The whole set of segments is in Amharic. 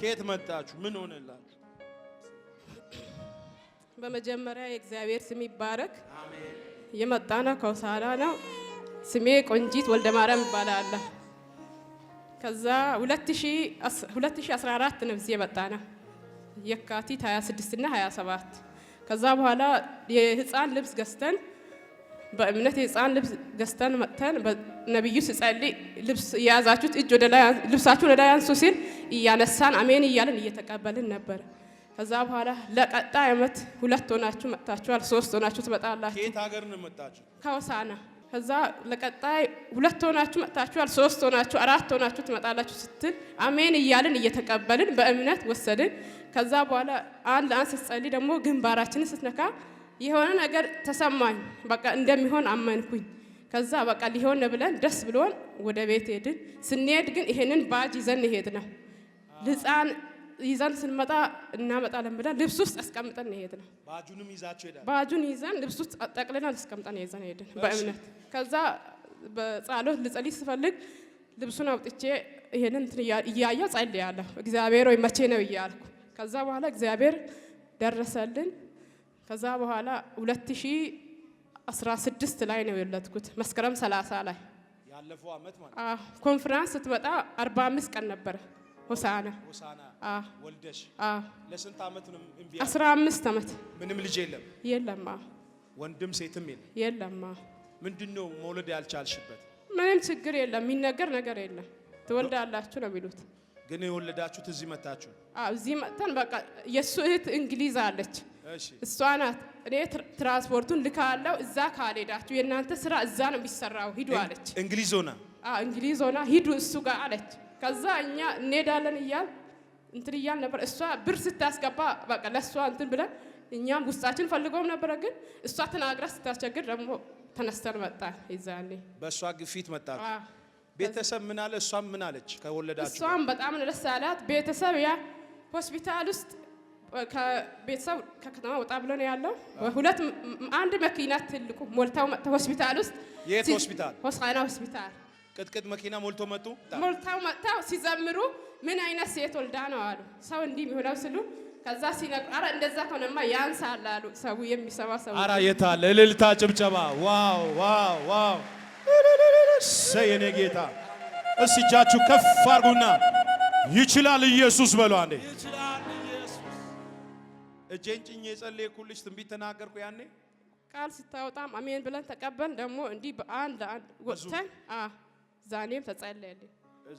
ከየት መጣችሁ? ምን ሆነላችሁ? በመጀመሪያ የእግዚአብሔር ስም ይባረክ። የመጣ ነው ከውሳላ ነው። ስሜ ቆንጂት ወልደ ማርያም ይባላል። ከዛ 2014 ነው እዚህ የመጣ ነው የካቲት 26 እና 27 ከዛ በኋላ የህፃን ልብስ ገዝተን በእምነት የህፃን ልብስ ገዝተን መጥተን ነቢዩ ሲጸልይ ልብስ የያዛችሁት እጅ ወደ ላይ ልብሳችሁን ወደ ላይ አንሱ ሲል እያነሳን አሜን እያለን እየተቀበልን ነበር። ከዛ በኋላ ለቀጣይ ዓመት ሁለት ሆናችሁ መጥታችኋል፣ ሶስት ሆናችሁ ትመጣላችሁ። ከየት ሀገር ነው መጣችሁ? ከውሳና ከዛ ለቀጣይ ሁለት ሆናችሁ መጥታችኋል፣ ሶስት ሆናችሁ አራት ሆናችሁ ትመጣላችሁ ስትል አሜን እያለን እየተቀበልን በእምነት ወሰድን። ከዛ በኋላ አንድ አንድ ስትጸልይ ደግሞ ግንባራችንን ስትነካ የሆነ ነገር ተሰማኝ። በቃ እንደሚሆን አመንኩኝ። ከዛ በቃ ሊሆን ብለን ደስ ብሎን ወደ ቤት ሄድን። ስንሄድ ግን ይሄንን ባጅ ይዘን ይሄድ ነው ልፃን ይዘን ስንመጣ እናመጣለን ብለን ልብስ ውስጥ አስቀምጠን ሄድ ነው። ባጁን ይዘን ልብስ ውስጥ ጠቅልለን አስቀምጠን ይዘን ሄድን በእምነት። ከዛ በጸሎት ልጸልይ ስፈልግ ልብሱን አውጥቼ ይሄንን እያየሁ ጸልያለሁ። እግዚአብሔር ወይ መቼ ነው እያልኩ ከዛ በኋላ እግዚአብሔር ደረሰልን። ከዛ በኋላ 2016 ላይ ነው የወለድኩት፣ መስከረም 30 ላይ ያለፈው አመት ማለት አዎ። ኮንፈረንስ ስትመጣ 45 ቀን ነበረ ሆሳና ሆሳና። አዎ ወልደሽ? ለስንት አመት 15 አመት። ምንም ልጅ የለም? የለም። ወንድም ሴትም የለም? የለም። ምንድነው መውለድ ያልቻልሽበት? ምንም ችግር የለም፣ የሚነገር ነገር የለም። ትወልዳላችሁ ነው የሚሉት። ግን የወለዳችሁት እዚህ መታችሁ? አዎ፣ እዚህ መጥተን በቃ የእሱ እህት እንግሊዝ አለች እሷ ናት። እኔ ትራንስፖርቱን ልካለው፣ እዛ ካልሄዳችሁ የእናንተ ስራ እዛ ነው የሚሰራው ሂዱ አለች። እንግሊዝ ሆና እንግሊዝ ሆና ሂዱ እሱ ጋር አለች። ከዛ እኛ እንሄዳለን እያል እንትን እያል ነበር። እሷ ብር ስታስገባ በቃ ለእሷ እንትን ብለን እኛም ውስጣችን ፈልገውም ነበረ፣ ግን እሷ ተናግራ ስታስቸግር ደግሞ ተነስተን መጣ። ይዛኔ በእሷ ግፊት መጣ። ቤተሰብ ምን አለ? እሷም ምን አለች? ከወለዳችሁ እሷም በጣም ደስ አላት። ቤተሰብ ያ ሆስፒታል ውስጥ ከቤተሰብ ከከተማ ወጣ ብሎ ነው ያለው። ሁለት አንድ መኪና ትልቁ ሞልተው መጥተው ሆስፒታል ውስጥ የት ሆስፒታል? ሆሳና ሆስፒታል ቅጥቅጥ መኪና ሞልቶ መጡ። ሞልተው መጥተው ሲዘምሩ ምን አይነት ሴት ወልዳ ነው አሉ። ሰው እንዲህ የሚሆነው ስሉ ከዛ ሲነቁ፣ አረ እንደዛ ከሆነማ ያንሳል አሉ። ሰው የሚሰማ ሰው አረ የታለ እልልታ፣ ጭብጨባ! ዋው ዋው ዋው! የኔ ጌታ እስቲ እጃችሁ ከፍ አርጉና ይችላል ኢየሱስ በሏ አንዴ እጄን ጭኜ የጸለይኩልሽ ትንቢት ተናገርኩ። ያኔ ቃል ስታወጣም አሜን ብለን ተቀበል ደግሞ እንዲህ በአንድ ለአንድ ወጥተን ዛኔም ተጸለየልኝ።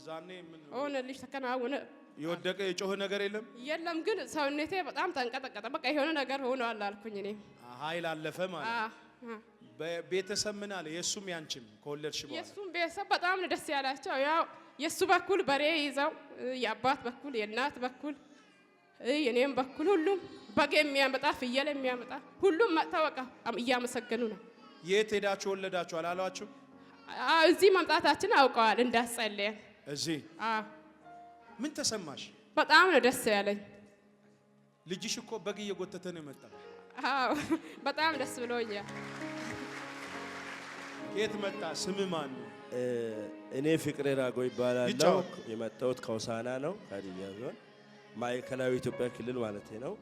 ዛኔ ሆነልሽ? ተከናወነ። የወደቀ የጮኸ ነገር የለም የለም። ግን ሰውነቴ በጣም ተንቀጠቀጠ። በቃ የሆነ ነገር ሆኗል አልኩኝ። እኔ ኃይል አለፈ ማለት ቤተሰብ ምን አለ? የእሱም ያንቺም ከወለድሽ በኋላ የእሱም ቤተሰብ በጣም ደስ ያላቸው ያው የእሱ በኩል በሬ ይዘው የአባት በኩል የእናት በኩል የኔም በኩል ሁሉም በግ የሚያመጣ ፍየል የሚያመጣ ሁሉም መጥተው በቃ እያመሰገኑ ነው። የት ሄዳችሁ ወለዳችሁ አላሏችሁ? እዚህ መምጣታችን አውቀዋል። እንዳስጸለየን እዚህ ምን ተሰማሽ? በጣም ነው ደስ ያለኝ። ልጅሽ እኮ በግ እየጎተተ ነው የመጣ። በጣም ደስ ብሎኛል። የት መጣ? ስም ማን ነው? እኔ ፍቅሬ ራጎ ይባላለሁ። የመጣሁት ከውሳና ነው፣ ሀዲያ ዞን ማዕከላዊ ኢትዮጵያ ክልል ማለት ነው።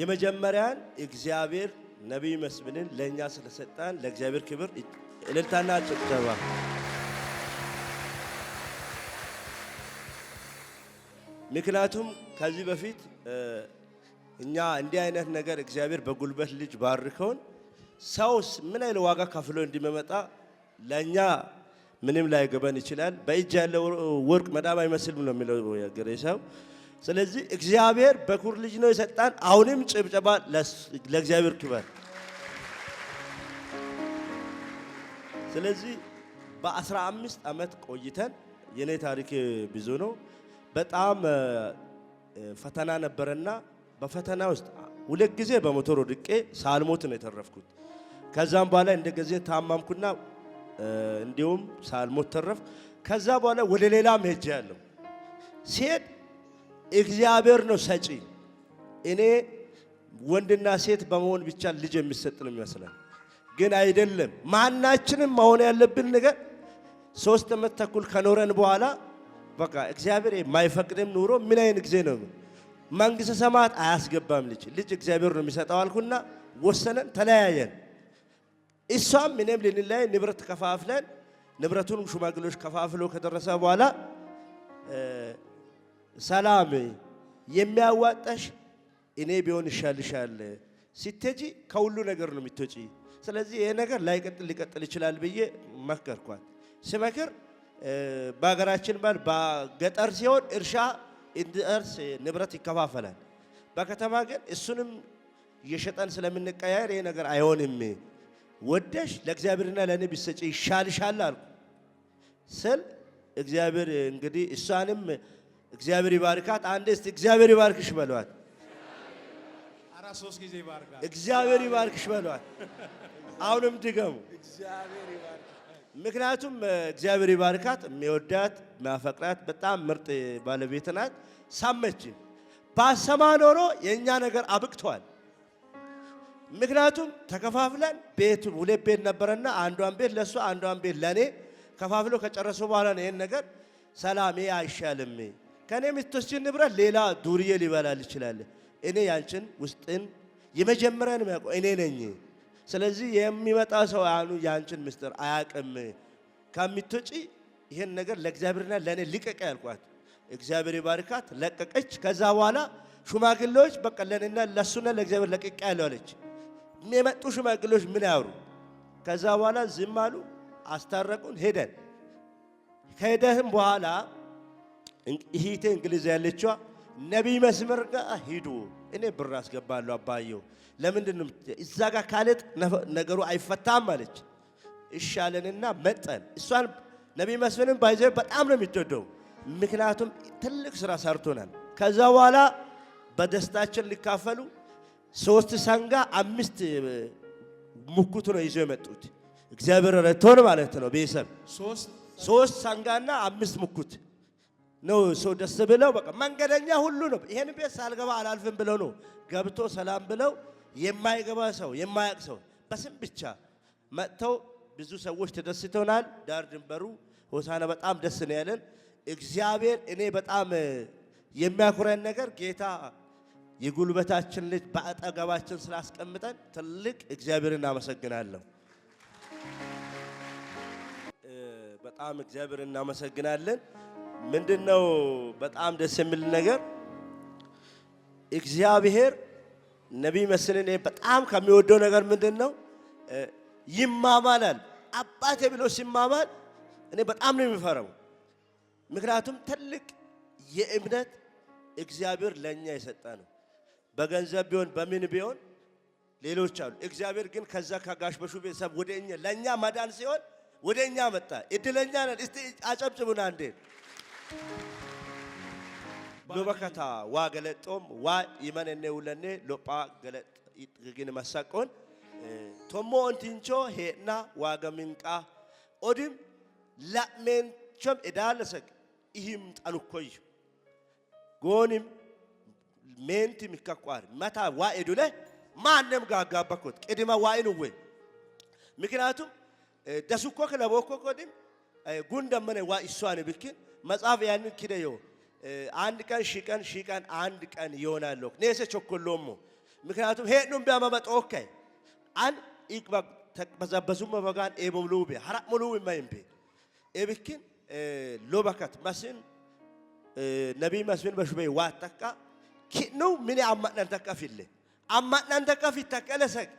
የመጀመሪያን እግዚአብሔር ነቢይ መስፍንን ለእኛ ስለሰጣን ለእግዚአብሔር ክብር እልልታና ጭብጨባ። ምክንያቱም ከዚህ በፊት እኛ እንዲህ አይነት ነገር እግዚአብሔር በጉልበት ልጅ ባርከውን ሰውስ ምን አይነት ዋጋ ከፍሎ እንዲመጣ ለእኛ ምንም ላይገበን ይችላል። በእጅ ያለው ወርቅ መዳብ አይመስልም ነው የሚለው ሰው ስለዚህ እግዚአብሔር በኩር ልጅ ነው የሰጣን። አሁንም ጭብጨባ ለእግዚአብሔር ክበር። ስለዚህ በአስራ አምስት ዓመት ቆይተን የኔ ታሪክ ብዙ ነው። በጣም ፈተና ነበረና በፈተና ውስጥ ሁለት ጊዜ በሞተር ወድቄ ሳልሞት ነው የተረፍኩት። ከዛም በኋላ እንደ ጊዜ ታማምኩና እንዲሁም ሳልሞት ተረፍኩ። ከዛ በኋላ ወደ ሌላ መሄጃ ያለው ሴት እግዚአብሔር ነው ሰጪ። እኔ ወንድና ሴት በመሆን ብቻ ልጅ የሚሰጥ ነው ይመስላል፣ ግን አይደለም። ማናችንም መሆን ያለብን ነገር ሶስት ዓመት ተኩል ከኖረን በኋላ በቃ እግዚአብሔር የማይፈቅድም ኑሮ ምን አይነት ጊዜ ነው? መንግሥተ ሰማያት አያስገባም። ልጅ ልጅ እግዚአብሔር ነው የሚሰጠው አልኩና ወሰነን፣ ተለያየን። እሷም እኔም ልንለያይ ንብረት ከፋፍለን ንብረቱን ሽማግሌዎች ከፋፍሎ ከደረሰ በኋላ ሰላም የሚያዋጣሽ እኔ ቢሆን ይሻልሻል። ሲቴጂ ከሁሉ ነገር ነው የምትወጪ። ስለዚህ ይሄ ነገር ላይቀጥል ሊቀጥል ይችላል ብዬ መከርኳት። ስመክር በሀገራችን ባል በገጠር ሲሆን እርሻ እንደርስ ንብረት ይከፋፈላል። በከተማ ግን እሱንም እየሸጠን ስለምንቀያየር ይሄ ነገር አይሆንም። ወደሽ ለእግዚአብሔርና ለእኔ ቢሰጪ ይሻልሻል አልኩ ስል እግዚአብሔር እንግዲህ እሷንም እግዚአብሔር ይባርካት። አንድ እስቲ እግዚአብሔር ይባርክሽ በሏት። አራ ሶስት ጊዜ ይባርካት። እግዚአብሔር ይባርክሽ በሏት። አሁንም ድገሙ። ምክንያቱም እግዚአብሔር ይባርካት። የሚወዳት የሚያፈቅራት በጣም ምርጥ ባለቤት ናት። ሳመች ባሰማ ኖሮ የእኛ ነገር አብቅቷል። ምክንያቱም ተከፋፍለን ቤቱ ሁለት ቤት ነበረና አንዷን ቤት ለእሱ አንዷን ቤት ለእኔ ከፋፍሎ ከጨረሱ በኋላ ነው ይህን ነገር ሰላሜ አይሻልም ከእኔ የምትወስጂውን ንብረት ሌላ ዱርዬ ሊበላል ይችላል። እኔ ያንችን ውስጥን የመጀመሪያን የሚያውቀው እኔ ነኝ። ስለዚህ የሚመጣ ሰው አሉ ያንችን ምስጢር አያቅም። ከምትወጪ ይህን ነገር ለእግዚአብሔርና ለእኔ ልቀቅ ያልኳት እግዚአብሔር ይባርካት፣ ለቀቀች። ከዛ በኋላ ሽማግሌዎች በቃ ለእኔና ለእሱና ለእግዚአብሔር ለቀቀ ያለው አለች። የመጡ ሽማግሌዎች ምን ያወሩ? ከዛ በኋላ ዝም አሉ፣ አስታረቁን፣ ሄደን ከሄደህም በኋላ ይሄቴ እንግሊዝ ያለችዋ ነቢይ መስመር ጋር ሂዱ፣ እኔ ብር አስገባለሁ አባየው። ለምንድን ነው እዛ ጋር ካለጥ ነገሩ አይፈታም አለች። እሻለንና መጠን እሷን ነቢይ መስመርን ባይዘ በጣም ነው የሚወደው፣ ምክንያቱም ትልቅ ስራ ሰርቶናል። ከዛ በኋላ በደስታችን ሊካፈሉ ሶስት ሰንጋ አምስት ሙኩት ነው ይዞ የመጡት እግዚአብሔር ረቶን ማለት ነው ቤተሰብ ሶስት ሰንጋና አምስት ሙኩት ነው ሰው ደስ ብለው በቃ መንገደኛ ሁሉ ነው። ይሄን ቤት ሳልገባ አላልፍም ብለው ነው ገብቶ ሰላም ብለው የማይገባ ሰው የማያቅ ሰው በስም ብቻ መጥተው ብዙ ሰዎች ተደስተውናል። ዳር ድንበሩ ሆሳና በጣም ደስ ነው ያለን። እግዚአብሔር እኔ በጣም የሚያኩረን ነገር ጌታ የጉልበታችን ልጅ በአጠገባችን ስላስቀምጠን ትልቅ እግዚአብሔር እናመሰግናለሁ። በጣም እግዚአብሔር እናመሰግናለን። ምንድነው በጣም ደስ የሚል ነገር እግዚአብሔር ነቢይ መስለን በጣም ከሚወደው ነገር ምንድን ነው? ይማማላል። አባቴ ብሎ ሲማማል እኔ በጣም ነው የሚፈረው። ምክንያቱም ትልቅ የእምነት እግዚአብሔር ለእኛ የሰጠ ነው። በገንዘብ ቢሆን በምን ቢሆን ሌሎች አሉ። እግዚአብሔር ግን ከዛ ከጋሽ በሹ ቤተሰብ ወደ እኛ ለእኛ መዳን ሲሆን ወደ እኛ መጣ። እድለኛ ነን። እስቲ አጨብጭቡን አንዴ። Lobakataa, waa galatoom, waa inni mul'annee, lophaa galatoom, eh, tommoo hojii hin jooge hee dhnaa, waa gamin qaa, odi, la meen, iddoo haala sag, ihiim xanu koyyu gooni meentii, mataa, waa'ee dule, maanneen gaaggoo, qidima, waa'ee nu wayi, mikiraatu, eh, dasu goga, laboo goga, eh, gunda, waa ani bikkin መጽሐፍ ያንን ኪደዮ አንድ ቀን ሺ ቀን አንድ ቀን ይሆናል ኔሴ ቾኮሎሞ ምክንያቱም ሄዱም ቢያመመጦ ኦኬ አን ኢቅባ ተበዛበዙም በጋን ኤቦብሉብ ሐራሙሉብ ማይምቢ ኤብክን ሎባካት ማስን ነቢይ መስፍን በሽበይ ዋተካ ኪኑ ምን አማናን ተካፊል አማናን ተካፊ ተከለሰክ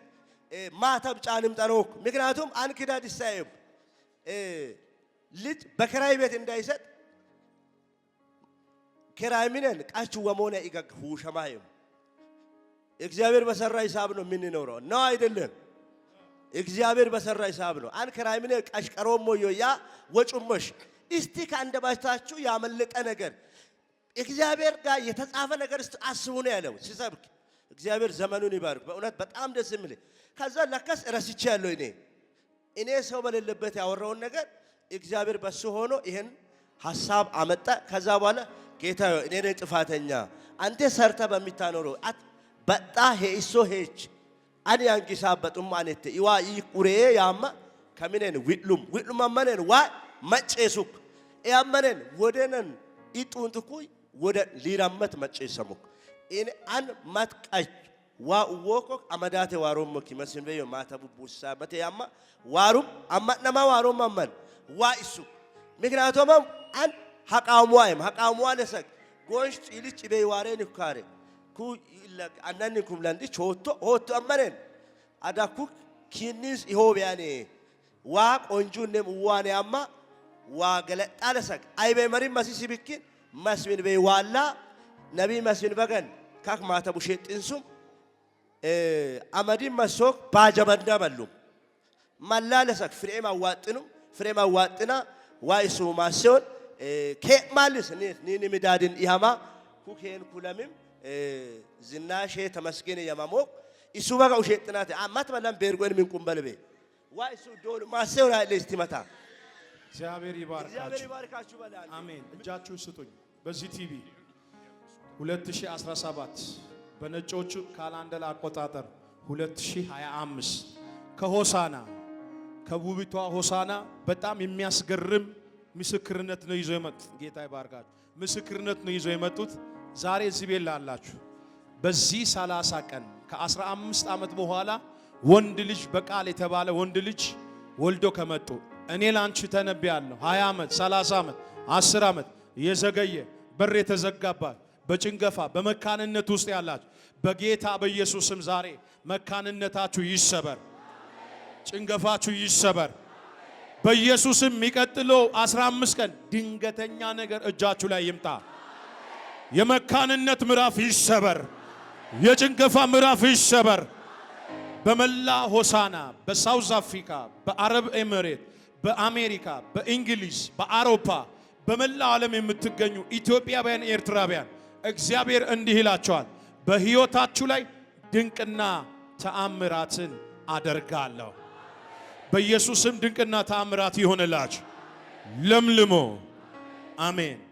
ማተብ ጫንም ጠሮክ ምክንያቱም አንክዳድ ይሳየም ልጅ በከራይ ቤት እንዳይሰጥ ከራይሚነን ቃች ወሞነ ኢገግ ሁሸማዩ እግዚአብሔር በሰራ ሂሳብ ነው የምንኖረው ነው አይደለም። እግዚአብሔር በሰራ ሂሳብ ነው። አን ከራይሚነ ቃሽ ቀሮሞ ዮያ ወጩመሽ እስቲ ከአንደበታችሁ ያመለጠ ነገር እግዚአብሔር ጋር የተጻፈ ነገር አስቡ ነው ያለው ሲሰብክ። እግዚአብሔር ዘመኑን ይባርክ። በእውነት በጣም ደስ የሚል ከዛ ለከስ ረስቼ ያለው እኔ እኔ ሰው በሌለበት ያወራውን ነገር እግዚአብሔር በሱ ሆኖ ይሄን ሀሳብ አመጣ። ከዛ በኋላ ጌታ እኔ ነኝ ጥፋተኛ፣ አንተ ሰርተ በሚታኖረው በጣ ሄሶ ሄች አን ያንጊሳ በጡማኔት ይዋ ይቁሬ ያማ ከሚነን ዊሉም ዊሉም አመነን ዋ መጨሱክ ያመነን ወደነን ይጡንጥኩ ወደ ሊራመት መጨሰሙክ እኔ አን ማትቃች ዋ ወኮ አመዳቴ ዋሮም ኪመስን በየ ማተቡ ቡሳ በተያማ ዋሩም አማነማ ዋሮም አመን ዋ ይሱክ ምክንያቱም አን ሀቃሟይም ሀቃሟ ለሰቅ ጎንሽ ጭልጭ በይዋሬን ካሬ ኩ አናን ኩምላንዲ ቾቶ ሆቶ አመነን አዳኩ ኪኒስ ኢሆቢያኔ ዋ ቆንጁ ቆንጁንም ዋኔ አማ ዋ ገለጣ ለሰቅ አይቤ መሪ መሲሲ ብኪን መስሚን በይ ዋላ ነቢ መስሚን በገን ካክ ማተ ቡሼጥንሱም አመዲን መሶክ ባጀመንዳ በሉም መላለሰክ ፍሬም አዋጥኑም ፍሬም አዋጥና ዋይሱማሲዮን ኬማልስ ኒን ሚዳድን ኢሃማ ኩኬን ኩለምም ዝናሼ ተመስገን የማሞቅ ኢሱበጋ ውሼጥናት አማት መላም ቤርጎን ሚንቁንበልቤ ዋይሱ ዶል ማሴውን ሀይሌስቲመታ እግዚአብሔር ይባርካችሁ። አሜን። እጃችሁ ስጡኝ። በዚህ ቲቪ 2017 በነጮቹ ካላንደር አቆጣጠር 2025 ከሆሳና ከውቢቷ ሆሳና በጣም የሚያስገርም ምስክርነት ነው ይዞ የመጡት። ጌታ ይባርካችሁ። ምስክርነት ነው ይዞ የመጡት። ዛሬ እዚህ ቤት ላላችሁ በዚህ 30 ቀን ከ15 ዓመት በኋላ ወንድ ልጅ በቃል የተባለ ወንድ ልጅ ወልዶ ከመጡ እኔ ላንቺ ተነብያለሁ። 20 ዓመት፣ 30 ዓመት፣ 10 ዓመት የዘገየ በር የተዘጋባት በጭንገፋ በመካንነት ውስጥ ያላችሁ በጌታ በኢየሱስም ዛሬ መካንነታችሁ ይሰበር። ጭንገፋችሁ ይሰበር በኢየሱስም። የሚቀጥለው 15 ቀን ድንገተኛ ነገር እጃችሁ ላይ ይምጣ። የመካንነት ምዕራፍ ይሰበር። የጭንገፋ ምዕራፍ ይሰበር። በመላ ሆሳና በሳውዝ አፍሪካ፣ በአረብ ኤምሬት፣ በአሜሪካ፣ በእንግሊዝ፣ በአውሮፓ፣ በመላ ዓለም የምትገኙ ኢትዮጵያውያን፣ ኤርትራውያን እግዚአብሔር እንዲህ ይላቸዋል፣ በሕይወታችሁ ላይ ድንቅና ተአምራትን አደርጋለሁ። በኢየሱስም ድንቅና ታምራት ይሆንላችሁ። ለምልሞ አሜን።